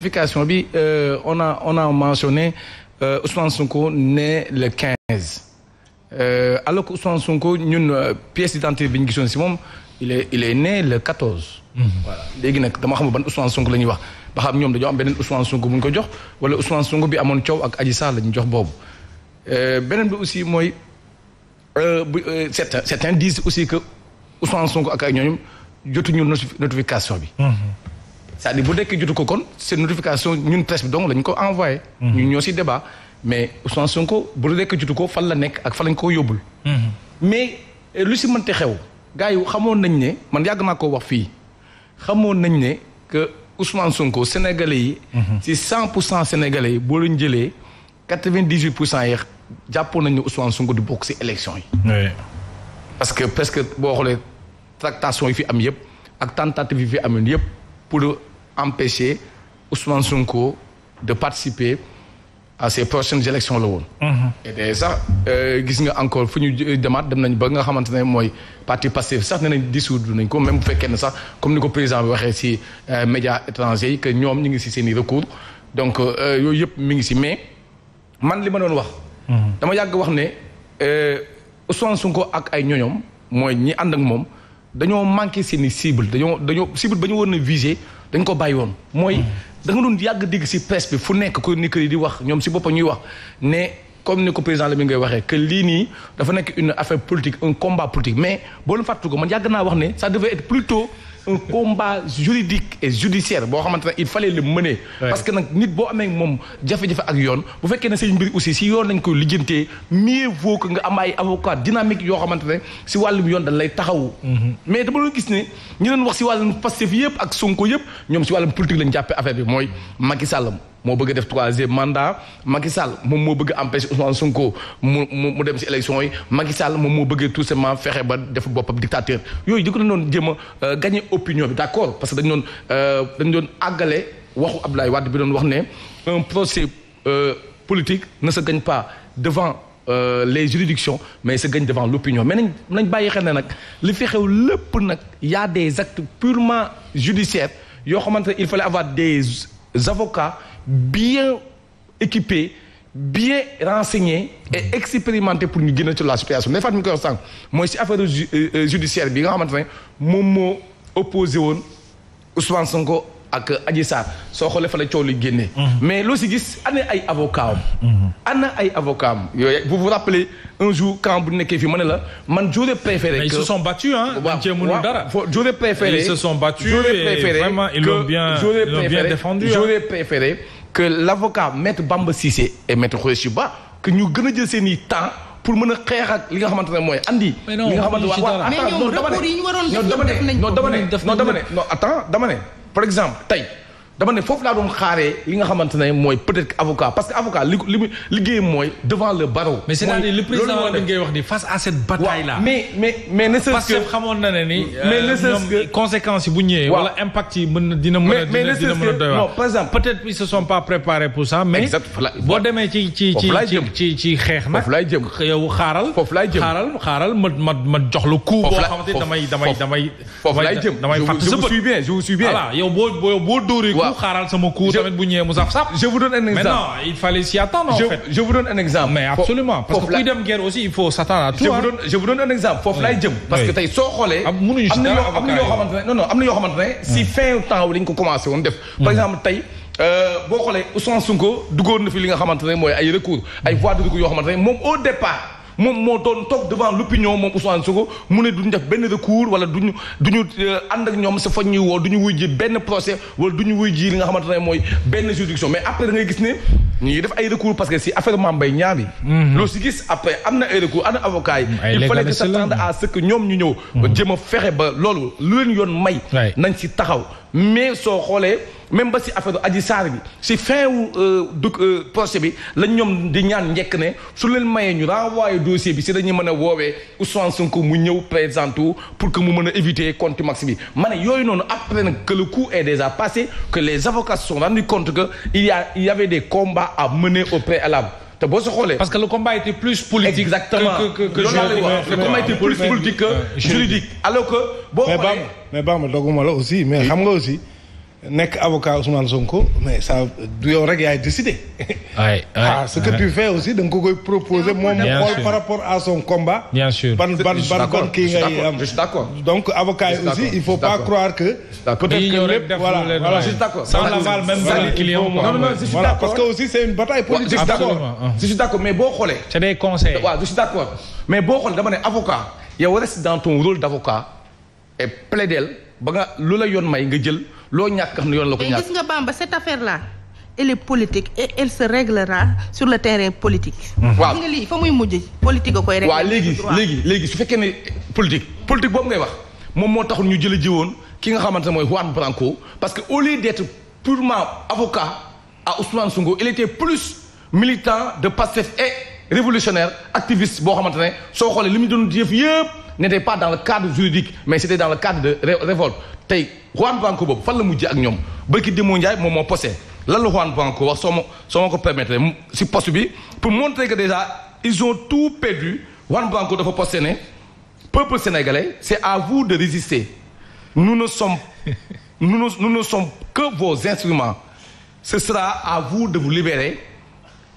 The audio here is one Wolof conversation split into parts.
Notification bi euh, on a on a mentionné euh, Ousmane Sonko né le 15 euh, alors que Ousmane ñun euh, pièce bi ñu gisoon si moom il est il le 14. Mm -hmm. léegi nag dama xamul ban Ousmane Sonko la ñuy wax ba xam ñoom dañoo am beneen Ousmane Sonko bu ñu ko jox wala Ousmane Sonko bi amoon coow ak Adji Sarr la ñu jox boobu euh, beneen bi aussi mooy euh, bu certains certains disent aussi que Ousmane Sonko ak ay ñooñu jotuñu notification bi. Mhm. c'est-à-dire bu dekkee jotu ko kon seen notification ñun presse bi lañ ko envoyé. Mhm. ñun ñoo si débat mais Ousmane Sonko bu dekkee jotu ko fan la nekk ak fan lañ ko yóbbul. Mhm. mais eh, lu si mënte xew. gars yi xamoon nañ ne man yàgg naa koo wax fii xamoon nañ ne que Ousmane Sonko sénégalais yi. si mhm. 100 pour cent sénégalais yi boo leen jëlee 98 pour cent yi jàppoon nañ ne Ousmane Sonko du bokk si élection yi. parce que presque boo xoolee tractation yi fi am yëpp ak tentative fi amoon yëpp pour. empêcher Ousmane Sonko de participer à ces prochaines élections la woon. Mhm. et de euh, sax gis nga encore fu ñu demaat dem nañ ba nga xamante ne mooy parti Pastef sax nee nañ dissoudre nañ ko même bu fekkee ne sax comme ni ko président bi waxee ci euh, médias étrangers yi que ñoom ñu ngi si seeni recours donc euh, yooyu yëpp mu ngi si mais man li ma doon wax. Mhm. dama yàgg wax ne Ousmane Sonko ak ay ñoñoom mooy ñi ànd ak moom. dañoo manqué seen cible dañoo dañoo cible ba ñu waroon a viser dañ ko bàyyi woon mooy hmm. danga nga doon yàgg digg si presse bi fu nekk ko yi di wax ñoom si boppam ñuy wax ne comme ni ko président la mi ngay waxee que lii nii dafa nekk une affaire politique un combat politique mais boo leen fàttaliku man yàgg naa wax ne ça devait être plutôt un combat juridique et judiciaire boo xamante ne il fallait le mener. parce que nag nit boo amee moom jafe-jafe ak yoon bu fekkee ne say mbir aussi si yoon lañ koy lijjantee mieux vaut que nga am ay avocat dynamique yoo xamante ne si wàllum yoon dañ lay taxawu. Mhm. mais dama doon gis ne ñu doon wax si wàllum Pastef yëpp ak Sonko yëpp ñoom si wàllum politique lañ jàppee affaire bi mooy Macky Sall moo bëgg def troisième mandat Macky Sall moom moo bëgg empêcher Ousmane Sonko mu mu dem si élection yi Macky moom moo bëgg tout simplement fexe ba def boppam dictateur yooyu di ko doon jéem a euh, gagner opinion bi d'accord parce que dañu doon euh, dañu doon àggale waxu Abdoulaye Wade bi doon wax ne un procès euh, politique ne se gagne pas devant les juridictions mais se gagne devant l'opinion mais nañ nañ bàyyi xel ne nag li fi xew lépp nag y a des actes purement judiciaires yoo xamante ne il fallait avoir des avocats bien équipés bien renseignés et expérimentés pour ñu génn ci la situation mais fa mi koy wax sànq mooy si affaire euh, euh, judiciaire bi nga xamante ne moom moo opposé woon Ousmane Sonko ak Adji sa soo xoolee fa la coow li génnee mhm. mais loo si gis ay avocat am ana ay avocat mhm. am yooyu vous vous rappelez un jour quand bu nekkee fii ma ne la man j'aurais préféré ils se sont battus hein préféré ils se préféré que l'avocat maître Bamba Cissé et maître Khoureyssi Ba que ñu gën a jël seen i temps pour mën a xeex ak li nga xamante ne mooy andi. li nga xamante ne waaw mais ñoom recours yi ñu waroon def def nañ ko non dama ne non dama ne non attends dama ne par exemple tey. dama ne foofu laa doon xaaree li nga xamante ne mooy peut-être avocat parce que avocat li li liggéeyam mooy devant le barreau. mais c'est-à-dire le président bi ngay wax ni euh, bu ñëwee. wala impact yi mën na dina mën a. dina dina mën a doy waar par exemple. peut-être ils se sont pas préparés pour xeex nag. foofu xaaral. foofu laay jëm xaaral ma ma ma jox la coup. boo xamante damay damay damay. foofu laay jëm sa bët. je boo boo waaw xaaral sama cours bu ñëwee mu saf je vous donne un exemple mais parce que kuy dem guerre aussi il faut s'attendre à tout. je vous donne un exemple foofu laay jëm. parce que tey soo xoolee. Ah, am yoo xamante non non am yoo xamante hmm. si fin temps lañ ko commencé def. Hmm. par exemple tey. Euh, boo xoolee Ousmane Sonko duggoon na fi li nga mooy ay recours ay voies de yoo xamante moom au départ moom moo doon toog devant l'opinion moom Ousmane Sonko mu ne duñ def benn recours wala duñu duñu euh, ànd ak ñoom sa fañ ñuy woo duñu wuy ji benn procès wala duñu wuy ji li nga xamante ne mooy benn juridiction mais après da ngay gis ne ñu def ay recours parce que si affaire Mame Mbaye Niang bi mhm. si gis après am na ay recours am na avocat yi mm, il fallait que s'attendre à ce ñoom ñu ñëw jéem mhm. a fexe ba loolu lu leen yoon may nañ si taxaw mais soo xoolee même ba si affaire aji saar bi si fin wu euh, du euh, procès bi lañ ñoom di ñaan njekk ne su leen mayee ñu renvoyé dossier bi si dañuy mën a woowee Ousmane Sonko mu ñëw présente pour que mu mën a éviter contumace bi ma yooyu noonu après nag que le coup est déjà passé que les avocats se sont rendus compte que il y a il y avait des combats à mener au préalable te boo si xoolee. parce que le combat était plus politique. exactement que plus politique juridique. alors que boo xoolee mais Bamba mais Bamba doguma la aussi mais xam nga aussi. nekk avocat Ousmane Sonko mais ça du yow rek yaay décidé. waay ah ce que tu fais aussi da ko koy proposer moom xool par rapport à son combat. ban ban ban kii ngay am. donc avocat yi aussi il faut pas croire que. peut-être que lépp voilà voilà. d'accord mais boo xoolee. c'est des conseils. boo xoolee dama ne avocat yow reste dans ton rôle d'avocat et ba nga lu la yoon may nga jël. loo ñàkk xam ne yoon la ko ñàkk. gis nga Bamba cette affaire là elle est politique et elle se réglera sur le terrain politique. Mmh. waaw gis nga lii fa a koy. rek waaw léegi léegi léegi su fekkee ne politique. politique boobu ngay wax moom moo taxul ñu jëlee jiwoon ki nga xamante ne mooy Juan Branco parce que au lieu d' être purement avocat à Ousmane Sonko il était plus militant de Pastef et révolutionnaire activiste boo xamante ne soo xoolee li mu doon jëf n'était pas dans le cadre juridique mais c'était dans le cadre de révolte tey Juan Branco boobu fan la mujjee ak ñoom bërki Dimo Ndiaye moom moo posé lan la Juan Branco wax soo ma soo ko permettre si post bi pour montrer que déjà ils ont tout perdu Juan Branco dafa posté ne peuple sénégalais c'est à vous de résister nous ne sommes nous ne nous ne sommes que vos instruments ce sera à vous de vous libérer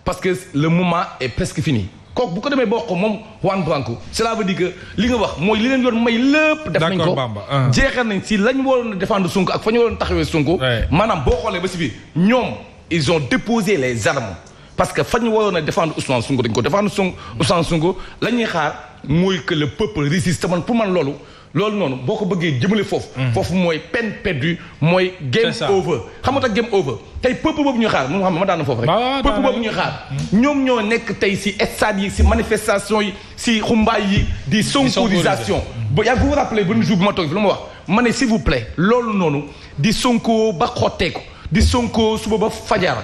parce que le moment est presque fini kooku bu ko demee bokk moom Juan Branco cela veu di que li nga wax mooy li leen yoon may lépp. def nañ ko ah. jeexal nañ si lañ waroon a défendre sunk ak fa ñu waroon taxawee Sonko. maanaam boo xoolee ba si biir ñoom ils ont déposé les armes. parce que fa ñu waroon a défendre Ousmane Sonko dañ ko défendre Sonko Ousmane Sonko la ñuy xaar mooy que le peuple résiste pour man loolu. loolu noonu boo ko bëggee jëmale foofu. Mm-hmm. foofu mooy pen perdue mooy. game over xam nga tax game over tey peuple boobu ñuy xaar moom xam ne ma daan na foofu rek. peuple boobu ñuy xaar. Mm-hmm. ñoom ñoo nekk tey si stade yi si manifestation yi si xumbaay yi. di sonkorisation ba yaa ngi ko vous rappelé benn jour bu ma toog fi lu ma wax ma ne s'il vous loolu noonu di sonko ba xotteeku di sonko suba ba fajar.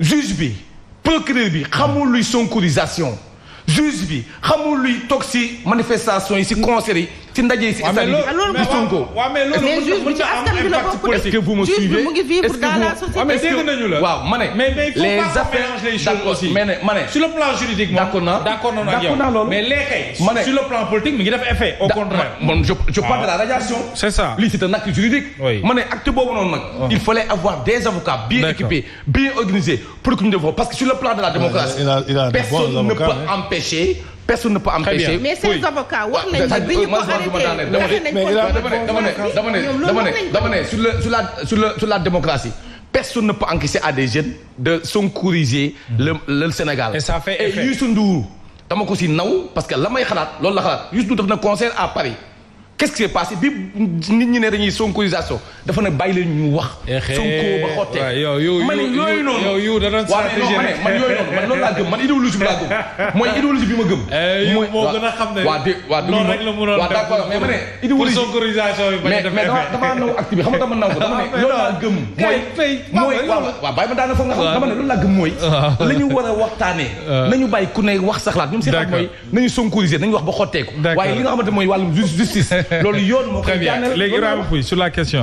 juge bi procureur bi xamul luy sonkorisation juge bi xamul luy toog si manifestation yi si concert yi ci ndaje si stade bi di Sonko. mais juge bi ci askan bi la bokk est-ce que vous me suivez est-ce que vous waaw ma ne. les affaires d'accord mais ne ma ne. sur le plan juridique moom d'accord naa d'accord naa loolu mais les kay. ma ne sur le plan politique mi ngi def effet. au contraire bon je je parle de la ah. radiation. c'est ça lii c'est un acte juridique. ma ne acte boobu noonu nag. Ah. il fallait avoir des avocats bien équipés bien organisés pour que ñu def parce que sur le plan de la ah, démocratie. personne ne peut empêcher. personne ne peut empêcher. mais ces avocats dama ne dama ne dama ne sur la sur la sur la sur la démocratie. personne ne peut encaisser à des jeunes de sonkouriser le le Sénégal. et ça fait effet Youssou dama ko si naw parce que la may xalaat loolu la xalaat Youssou Ndour def na concert a Paris. qu'est-ce qui s'est passé bi nit ñi ne dañuy sonkorisation dafa ne bàyyi leen ñu wax. Eh, eh, sonko ba xottee yow yow man yooyu noonu eh, yow mooy idéologie bi mooy moo gën a xam ne. waaw dé waaw déglu ma waaw d'accord mais ma ne. a def mais dafa naw acte bi xam nga ne mooy loolu laa gëm mooy. la war a waxtaanee. nañu bàyyi ku ne wax saxlaat ñoom seen mooy nañu sonkoriser nañu wax ba xotteeku waaye li nga xamante mooy wàllum justice lool yoon moo koy jàngal léegi Ibrahima Pouye sur la question.